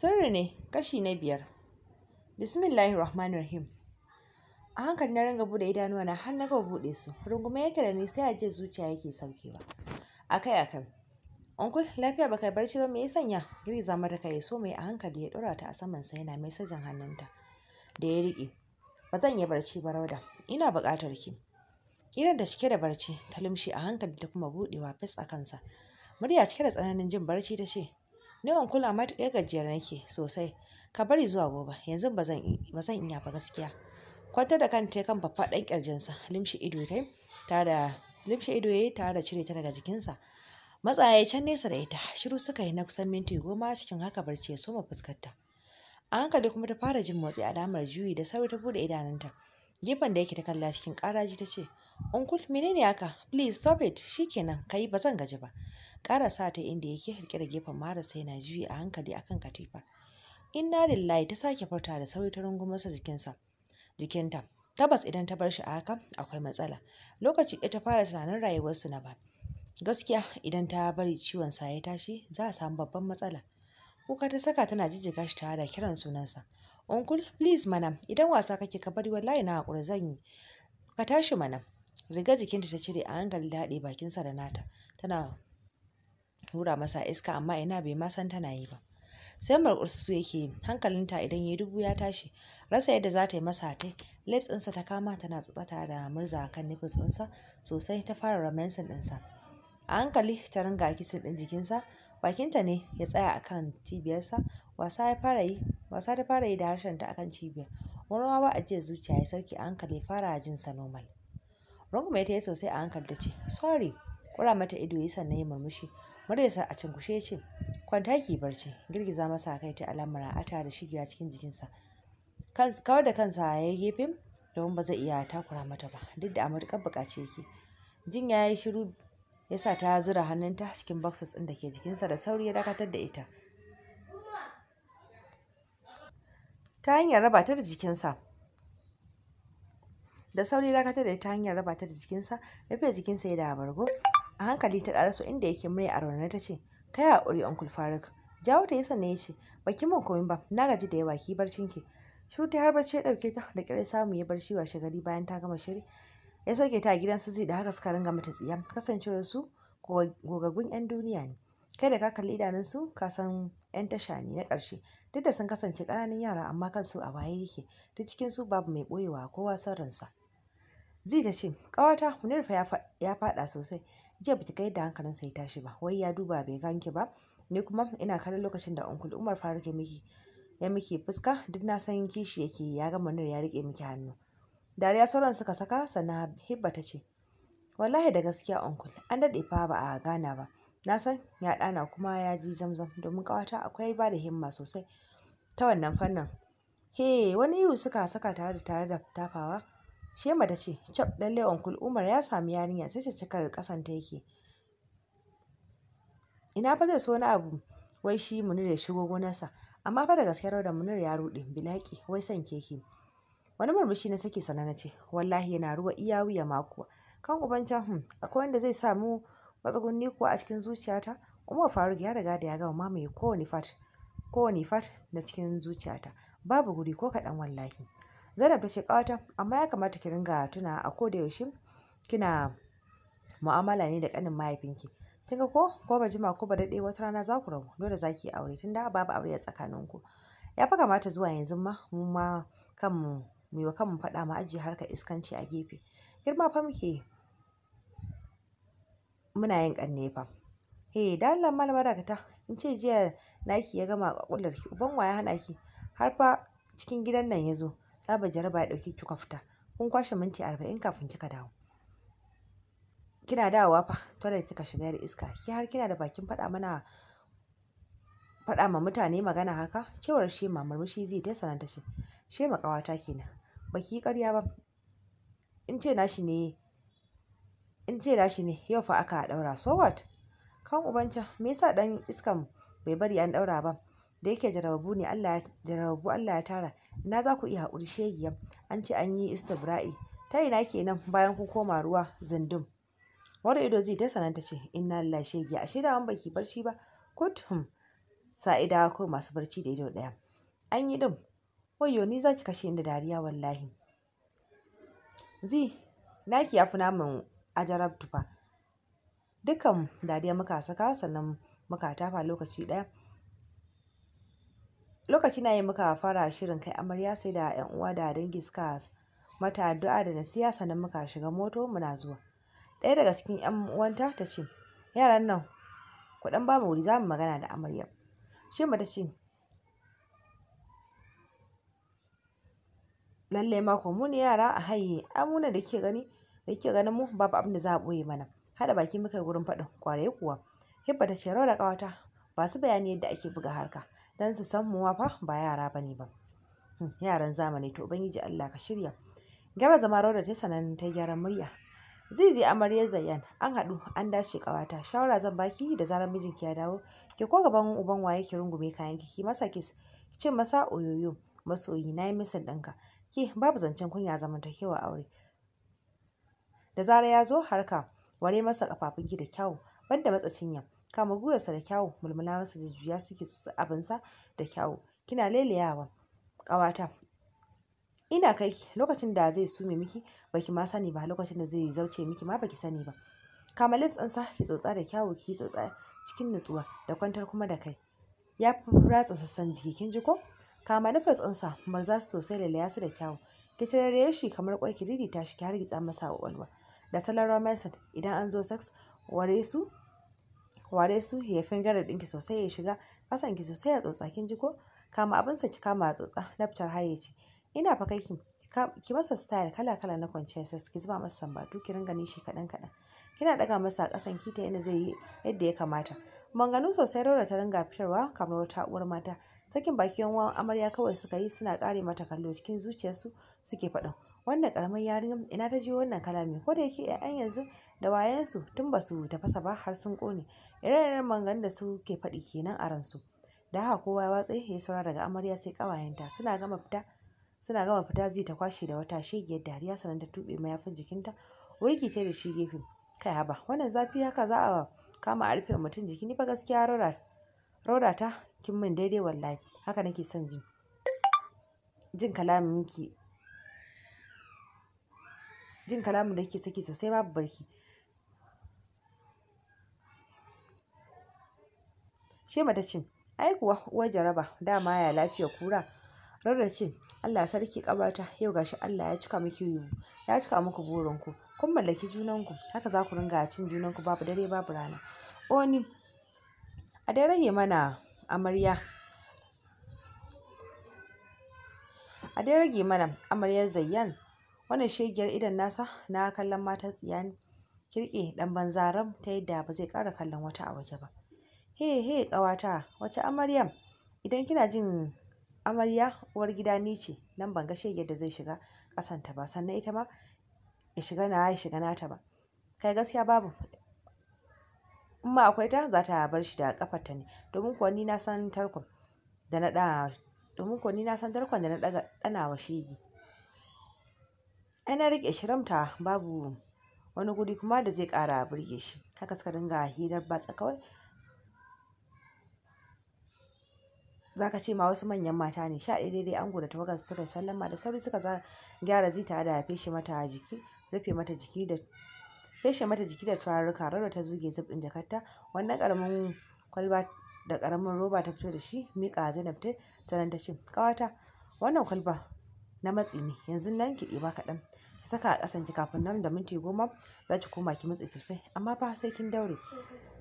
Sirri ne kashi na biyar. rahim A hankali na ringa bude idanuwa na har na gama bude su. Rungume yake da ni sai a je zuciya yake saukewa. Akai akai. onku lafiya baka barci ba me ya sanya? Girgiza mata kai so mai a hankali ya dora ta a saman sa yana mai sajin hannunta da ya riƙe. Ba zan yi barci ba Rauda. Ina buƙatar ki. Idan da cike da barci ta lumshi a hankali ta kuma budewa fes a kansa. Murya cike da tsananin jin barci ta ce, Neman kula matuƙar gajiyar nake sosai. Ka bari zuwa gobe. Yanzu ba zan iya ba gaskiya. Kwantar da kanta kan tai kan faffaɗan ƙirjinsa. Limshe ido yayi tare da cire ta daga jikinsa. matsaya ya can nesa da ita. Shiru suka yi na kusan minti goma cikin haka barci ya soma fuskarta. A hankali kuma ta fara jin motsi alamar juyi da sauri ta bude idanunta. Gefen da yake ta kalla cikin karaji ta ce, Uncle, menene haka? Please stop it. Shi kenan, ka ba zan gaji ba. ƙara sa ta inda yake harke da gefen mara sai na juyi a hankali akan katifa. inna lillahi ta sake furta da sauri ta rungumarsa jikinsa jikinta tabbas idan ta bar shi a haka akwai matsala lokaci ita fara tunanin rayuwarsu na ba gaskiya idan ta bari ciwon sa ya tashi za a samu babban matsala kuka ta saka tana jijjiga shi tare da kiran sunansa uncle please mana idan wasa kake ka bari wallahi na hakuri zan yi ka tashi mana riga jikinta ta cire a hankali da haɗe bakinsa da nata tana hura masa iska amma ina bai ma san tana yi ba sai murƙusu yake hankalinta idan ya dubu ya tashi rasa yadda za ta yi masa tai lips ɗinsa ta kama tana tsotsa tare da murza kan nufin ɗinsa sosai ta fara romancing ɗinsa a hankali ta ringa kisin ɗin jikinsa bakinta ne ya tsaya akan cibiyarsa wasa wasa ta fara yi da harshenta akan cibiyar wani wawa jiya zuciya ya sauke a hankali fara jin sa normal rungume ta yi sosai a hankali ta ce sorry kura mata ido ya sannan ya murmushi muryarsa a cinkushe ya ce kwanta ki barci girgiza masa kai ta alamar a da shigewa cikin jikinsa kawar da kansa ya yi gefe domin ba zai iya takura mata ba duk da a matuƙar buƙaci yake jin ya yi shiru ya sa ta zura hannunta cikin boxes ɗin da ke jikinsa da sauri ya dakatar da ita ta hanyar rabata ta da jikinsa da sauri ya dakatar da ta hanyar raba da jikinsa rufe jikinsa ya da bargo a hankali ta ƙaraso, inda yake murya a na ta ce kai haƙuri uncle faruk jawo ta yi sannan ya ce baki mun komai ba na gaji da yawa ki barcin ki shiru ta har barci ya dauke ta da kira samu ya barci washe gari bayan ta gama shiri ya sauke ta a gidan su da haka suka ringa mata tsiya kasancewar su gogaggun yan duniya ne kai da ka kalli idanunsu ka san yan tasha ne na ƙarshe duk da sun kasance ƙananan yara amma kansu a waye yake ta cikin su babu mai ɓoyewa kowa san ransa zai ta ce ƙawata hunirfa ya faɗa sosai jiya baki kai yadda hankalinsa ya tashi ba wai ya duba bai ganki ba ni kuma ina kallon lokacin da Uncle umar faruk ya miki ya miki fuska duk na san kishi yake ya ga nur ya rike miki hannu dariya sauran suka saka sannan hibba ta ce wallahi da gaskiya Uncle. an daɗe fa ba a gana ba na san ya ɗana kuma ya ji zamzam domin kawata akwai ba da himma sosai ta wannan fannin he wani ihu suka saka tare da tare da tafawa Shema ta ce, "Cap lalle kul Umar ya sami yarinya sai cikar kasan ta yake." Ina fa zai so na abu wai shi Munir ya shigo gonarsa, amma fa da gaskiya da Munir ya rude bilaki wai san keke. Wani murmushi na sake sana ce, "Wallahi yana ruwa iya wuya makuwa." Kan uban can hmm, akwai wanda zai samu matsugunni kuwa a cikin zuciyata? Umar Faruk ya riga da ya gama mamaye kowane fat kowane fat na cikin zuciyata. Babu guri ko kaɗan wallahi. Zainab ta ce kawata amma ya kamata ki ringa tuna a koda yaushe kina mu'amala ne da kanin mahaifinki. Kin ga ko ko ba jima ko ba dade wata rana za ku rabu dole za ki yi aure tunda babu aure a tsakaninku. Ya fi kamata zuwa yanzu ma mu ma kanmu mu yi wa kanmu faɗa mu ajiye harkar iskanci a gefe. Girma fa muke muna yin kanne fa. He da Allah malama dakata in ce jiya naki ya gama kullar ki uban waya hana ki har fa cikin gidan nan ya zo. zaba jaraba ya ɗauki kika fita kun kwashe minti arba'in kafin kika dawo kina dawowa fa toilet kika shiga yar iska ki har kina da bakin faɗa mana faɗa ma mutane magana haka cewar ma murmushi zai dai sananta ce shema ƙawata kenan baki yi ƙarya ba in ce nashi ne in ce nashi ne yau fa aka ɗaura so what kan ubanca me yasa dan iskan bai bari an ɗaura ba da yake jarababu ne Allah jarababu Allah ya tara ina za ku iya haƙuri shegiya an ce an yi istibra'i ta ina nan bayan ku koma ruwa zindum wani ido zai ta sananta ce in inna lillahi shegiya ashe da baki barci ba kutum hmm. sa'ida ko masu barci da ido ɗaya an yi ɗin wayo ni ki kashe inda dariya wallahi zi naki ya fi namun ajarab tufa dukkan dariya muka saka sannan muka tafa lokaci ɗaya lokaci na yi muka fara shirin kai amarya sai da yan uwa da dangi suka mata addu'a da nasiya sannan muka shiga moto muna zuwa ɗaya daga cikin yan uwanta ta ce yaran nan ku dan mu wuri zamu magana da amarya shi ta ce lallai mako mu ne yara a haye amuna da ke gani da ke ganin mu babu abin da za a boye mana hada baki muka gurin faɗin kwarai kuwa hibba ta ce rawar ƙawata ba su bayani yadda ake buga harka don su san muwa fa ba yara ba ne hmm, ba yaran zamani to ubangiji Allah ka shirya gyara zama rawar ta sanan ta gyara murya zai zai amarya zayyan an haɗu an dace ƙawata shawara zan baki da zarar mijinki ya dawo ki ko gaban uban waye ki rungume kayan ki masa kis ki ce masa oyoyo masoyi na yi misin ɗinka ki babu zancen kunya zamantakewa aure da zarar ya zo harka ware masa ki da kyau banda matsa cinya kama gwiwarsa da kyawu mulmula masa jujjuya suke tsotsi abinsa da kyawu kina lelayawa ƙawata ina kai lokacin da zai sume miki baki ma sani ba lokacin da zai zauce miki ma baki sani ba kama lips ɗinsa ki tsotsa da kyawu ki tsotsa cikin nutsuwa da kwantar kuma da kai ya fi ratsa sassan jiki kin ji ko kama nufar tsansa marza su sosai ya su da kyawu ki tarare shi kamar kwai ki ririta shi ki hargitsa masa ƙwaƙwalwa da salon romansa idan an zo sex ware su ware su ya fingare dinki sosai ya shiga kasan ki sosai a ji ko? kama abin sa ki kama a tsotsa laftar haye ce ina fa kai ki masa style kala kala na kwanciyar sas ki zuba masa sambatu ki ringa nishi kaɗan kaɗan kina ɗaga masa kasan ƙasan ta yana zai yi yadda ya kamata maganganu sosai rora ta ringa fitarwa kamar wata uwar mata sakin baki yan amarya kawai suka yi suna kare mata kallo cikin zuciyarsu suke faɗin wannan karamar yarinyar ina ta ji wannan kalami ko da yake ƴaƴan yanzu da wayansu tun basu su tafasa ba har sun ƙone ire-iren mangan da suke faɗi kenan a ransu da haka kowa ya watsa ya saura daga amarya sai ƙawayenta suna gama fita suna gama fita zai ta kwashe da wata shegiyar dariya sannan ta tuɓe mayafin jikinta wurgi ta da shi gefe kai haba wannan zafi haka za a kama a rufe mutum jiki ni fa gaskiya raura raura ta kin min daidai wallahi haka nake son ji jin kalamin ki jin kalamin da ke saki sosai babu barki shema mata ce ai kuwa uwar jaraba dama ya lafiya kura rarra ce Allah sarki kabata yau gashi Allah ya cika miki ya cika muku burinku kun mallaki junanku haka za ku ringa cin junanku babu dare babu rana oni a dai rage mana amarya a dai rage mana amaryar zayyan wannan shegiyar idon nasa na kallon matan tsiyani kirke dan banzaram ta yadda ba zai kara kallon wata a waje ba he he ƙawata wace amaryam idan kina jin amarya uwar gida ni ce nan ban ga shegiyar da zai shiga ta ba sannan ita ma ya shiga na ya shiga nata ba kai gaskiya babu in ma akwai ta za ta bar shi da ta ne domin kuwa ni na san tarkon da na da domin kuwa ni na san tarkon da na dana wa shege ana riƙe shi ramta babu wani guri kuma da zai ƙara burge shi haka suka dinga hirar batsa kawai za ka ce ma wasu manyan mata ne sha ɗaya daidai ango da tawagar suka yi sallama da sauri suka gyara zita da feshe mata jiki rufe mata jiki da feshe mata jiki da turaruka rarra ta zuge zub ɗin jakarta wannan ƙaramin kwalba da karamin roba ta fito da shi miƙa zainab ta sanan ta ce ƙawata wannan kwalba na matsi ne yanzu nan ki ɗiba kaɗan ki saka a ƙasan ki kafin nan da minti goma za ki koma ki matsi sosai amma fa sai kin daure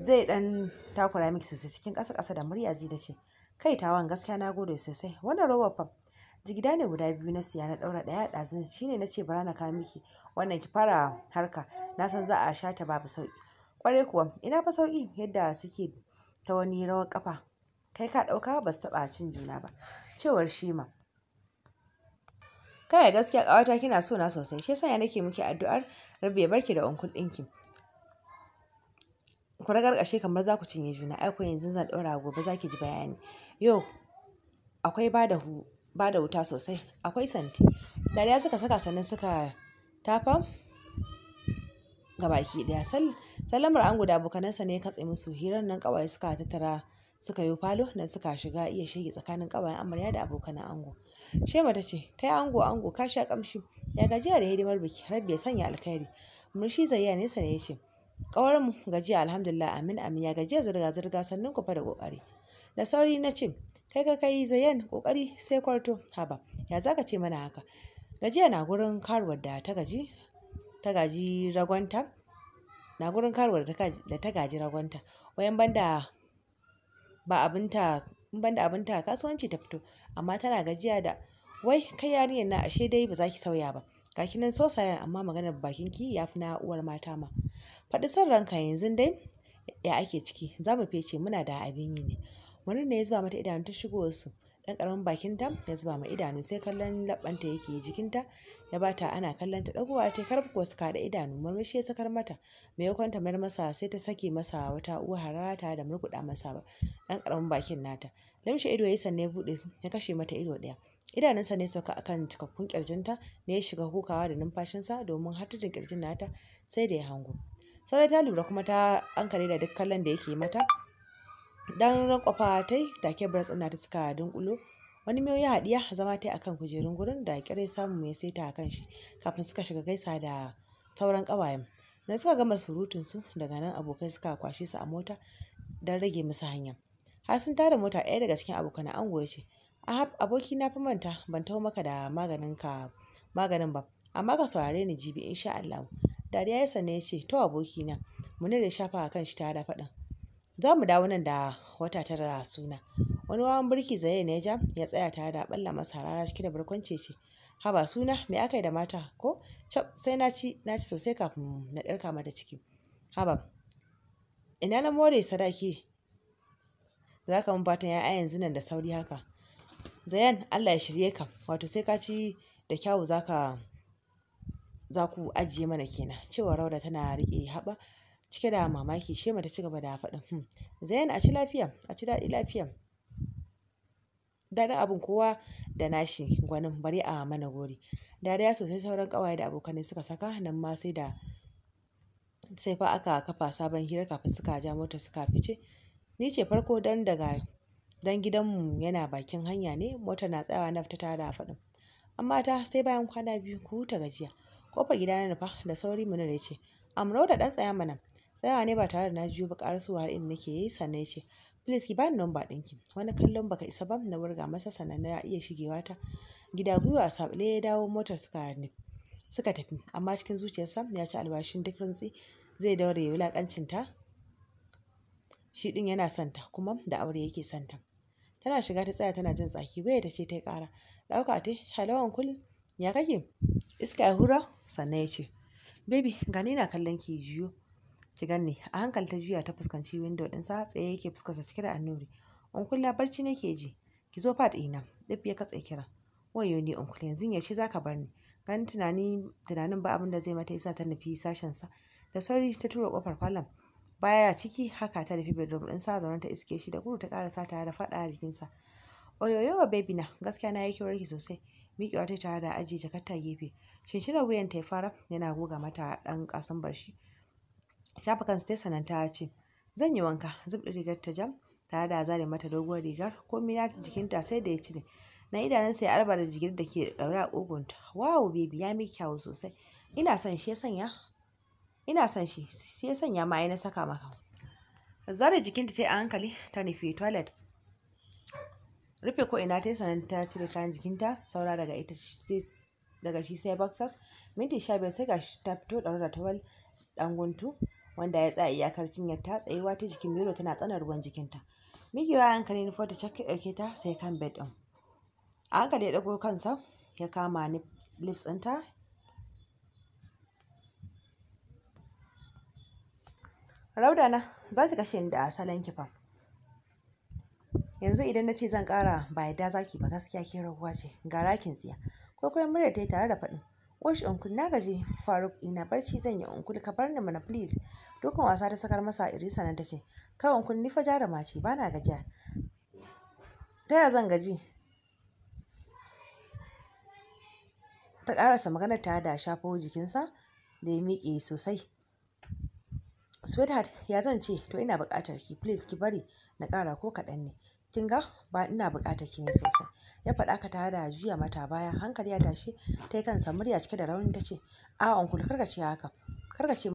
zai ɗan takura miki sosai cikin ƙasa ƙasa da murya zai da ce kai tawan gaskiya na gode sosai wannan roba fa jigida ne guda biyu na siya na ɗaura ɗaya ɗazun shine na ce bara na kawo miki wannan ki fara harka na san za a sha ta babu sauƙi kwarai kuwa ina fa sauƙi yadda suke ta wani rawar ƙafa kai ka ɗauka ba su taɓa cin juna ba cewar shima kai gaskiya kawata kina so na sosai shi yasa nake miki addu'ar rabi ya barki da onkul dinki ku kashe kamar za ku cinye juna ai ko yanzu zan ɗora gobe za ki ji bayani yau akwai bada hu bada wuta sosai akwai santi dariya suka saka sannan suka tafa gabaki daya sallamar an guda bukanansa ne ya katse musu hirar nan kawai suka tattara suka yi falo nan suka shiga iya shege tsakanin ƙawayen amarya da abokan ango shema ta ce kai ango ango ka sha kamshi ya gajiya da hidimar biki Rabi ya sanya alkhairi murshi zayya nesa ne ya ce kawar mu gajiya alhamdulillah amin amin ya gajiya zirga zirga sannan ku fa da kokari da sauri na ce kai ka kai zayan kokari sai kwarto haba ya zaka ce mana haka gajiya na gurin karuwar da ta gaji ta gaji ragonta na gurin karuwar da ta gaji ragonta wayan banda ba abin ta in ban abin ta kasuwanci ta fito amma tana gajiya da wai kai yarinyar na ashe dai ba za ki sauya ba gashi nan so sayan amma maganar bakinki ya fi na uwar mata ma faɗi son ranka yanzu dai ya ake ciki za mu fice muna da abin yi ne wani ne ya zuba mata idanu ta shigo su dan karamin bakinta ya zuba ma idanu sai kallon laɓanta yake jikinta ya bata ana kallon ta dagowa ta karb kuwa suka da idanu murmushi ya sakar mata yakon ta mayar masa sai ta sake masa wata uwa harata da murkuda masa ba dan karamin bakin nata lamshe ido yayi sanne bude su ya kashe mata ido daya idanunsa ne sauka kan cikakkun kirjinta ne ya shiga hukawa da numfashinsa domin hatijin kirjin nata sai da ya hango sarai ta lura kuma ta ankare da duk kallon da yake mata dan rankwafa ta yi take bar tsina ta suka dunkulo wani mai ya haɗiya zama ta akan kujerun gurin da kirai samu mai saita kan shi kafin suka shiga gaisa da sauran ƙawayen da suka gama surutunsu daga nan abokai suka kwashe su a mota don rage musu hanya har sun tada mota ɗaya daga cikin abokan ango ya ce aboki na fi manta ban taho maka da maganin ka maganin ba amma ka saurare ni jibi insha Allah dariya ya sane ya ce to aboki na munir ya shafa kan shi tare da faɗin za mu dawo nan da wata tara suna wani wawan birki zaye ne ja ya tsaya tare da balla masa rara cike da barkwanci ce haba suna me aka yi da mata ko sai na ci na ci sosai kafin na ɗarka mata ciki haba ina na more sadaki za ka mun fatan ya'ya yanzu nan da sauri haka zayan allah ya shirye ka wato sai ka ci da kyawu za ku ajiye mana kenan cewa rauda tana riƙe haɓa cike da mamaki shema ta ci gaba da faɗin hmm. zayan a ci lafiya a ci daɗi lafiya daɗin abin kowa da nashi gwanin bari a mana gori dariya sosai sauran ƙawaye da abokanai suka saka nan ma sai da sai fa aka kafa sabon hira kafin suka ja motar suka fice ni ce farko dan daga dan gidanmu yana bakin hanya ne Mota na tsayawa na fita tare da faɗin amma ta sai bayan kwana biyu ku huta gajiya kofar gida na nufa da sauri munir ya ce amrau da ɗan tsaya mana tsaya ne ba tare da na jiyo ba ƙarasowa har inda nake yi sannan ya ce please ki bani number ɗinki. Wani kallon baka isa ba na wurga masa sannan na iya shigewa ta gida gwiwa a saɓale ya dawo motar suka suka tafi. Amma cikin zuciyarsa ya ci albashin duk rintsi zai daure ya wulaƙancin ta. Shi ɗin yana santa kuma da aure yake santa? Tana shiga ta tsaya tana jin tsaki ta ce ta yi ƙara. Ɗauka tai hello uncle ya kake? Iska ya hura sannan ya ce baby gani ina kallon ki juyo. ki ganni a hankali ta juya ta fuskanci window din sa tsaye yake fuskarsa cike da annuri unkulla barci nake ji ki zo fat ina dip ya katse kiran wayo ne unkulla yanzu yaushe zaka bar ni ganin tunani tunanin ba abin da zai mata yasa ta nufi sashen sa da sauri ta tura kofar falon baya ciki haka ta nufi bedroom din sa zaune ta iske shi da gudu ta karasa tare da fada a jikin sa wa baby na gaskiya na yi kyau sosai miƙewa ta tare da ajiye jakarta gefe shin shirin wuyan ta ya fara yana goga mata ɗan ƙasan barshi shafa kansa ta sanan ta ce zan yi wanka zub rigar ta jam tare da zare mata doguwar rigar komai na jikinta sai da ya cire na idanunsa ya arba da jigir da ke daure a ƙugunta wawo bebi ya mi kyawu sosai ina son shi ya sanya ina san shi sai sanya ma na saka maka zare jikinta ta a hankali ta nufi toilet rufe ko ina tai yi sanan ta cire kayan jikinta saura daga ita daga shi sai boxers minti sha biyar sai gashi ta fito ɗaure da tawal ɗan guntu wanda ya tsaya iyakar cinyar ta tsayuwa ta jikin miro tana tsanar ruwan jikinta migewa hankali nufo ta cak ɗauke ta sai kan bed ɗin a hankali ya ɗago kansa ya kama lips ɗinta raudana za ki kashe ni da asalin kifa. yanzu idan na ce zan ƙara ba yadda zaki ba gaskiya ke raguwa ce ga rakin tsiya kwaikwayon murya ta yi tare da faɗin Wash uncle na gaji Faruk ina barci zan yi uncle ka bar ni mana please. Dukan wasa da sakar masa Irisa nan tace kai uncle ni fa jaruma ce na gajiya. Ta ya zan gaji? Ta karasa maganar ta da shafo jikinsa da ya miƙe sosai. Sweetheart ya zan ce to ina buƙatar ki please ki bari na kara ko kaɗan ne. kin ga ba ina buƙatar ki sosai ya faɗa ka tare da juya mata baya hankali ya tashi ta yi kansa murya cike da rauni ta ce a kar karka ce haka karka ce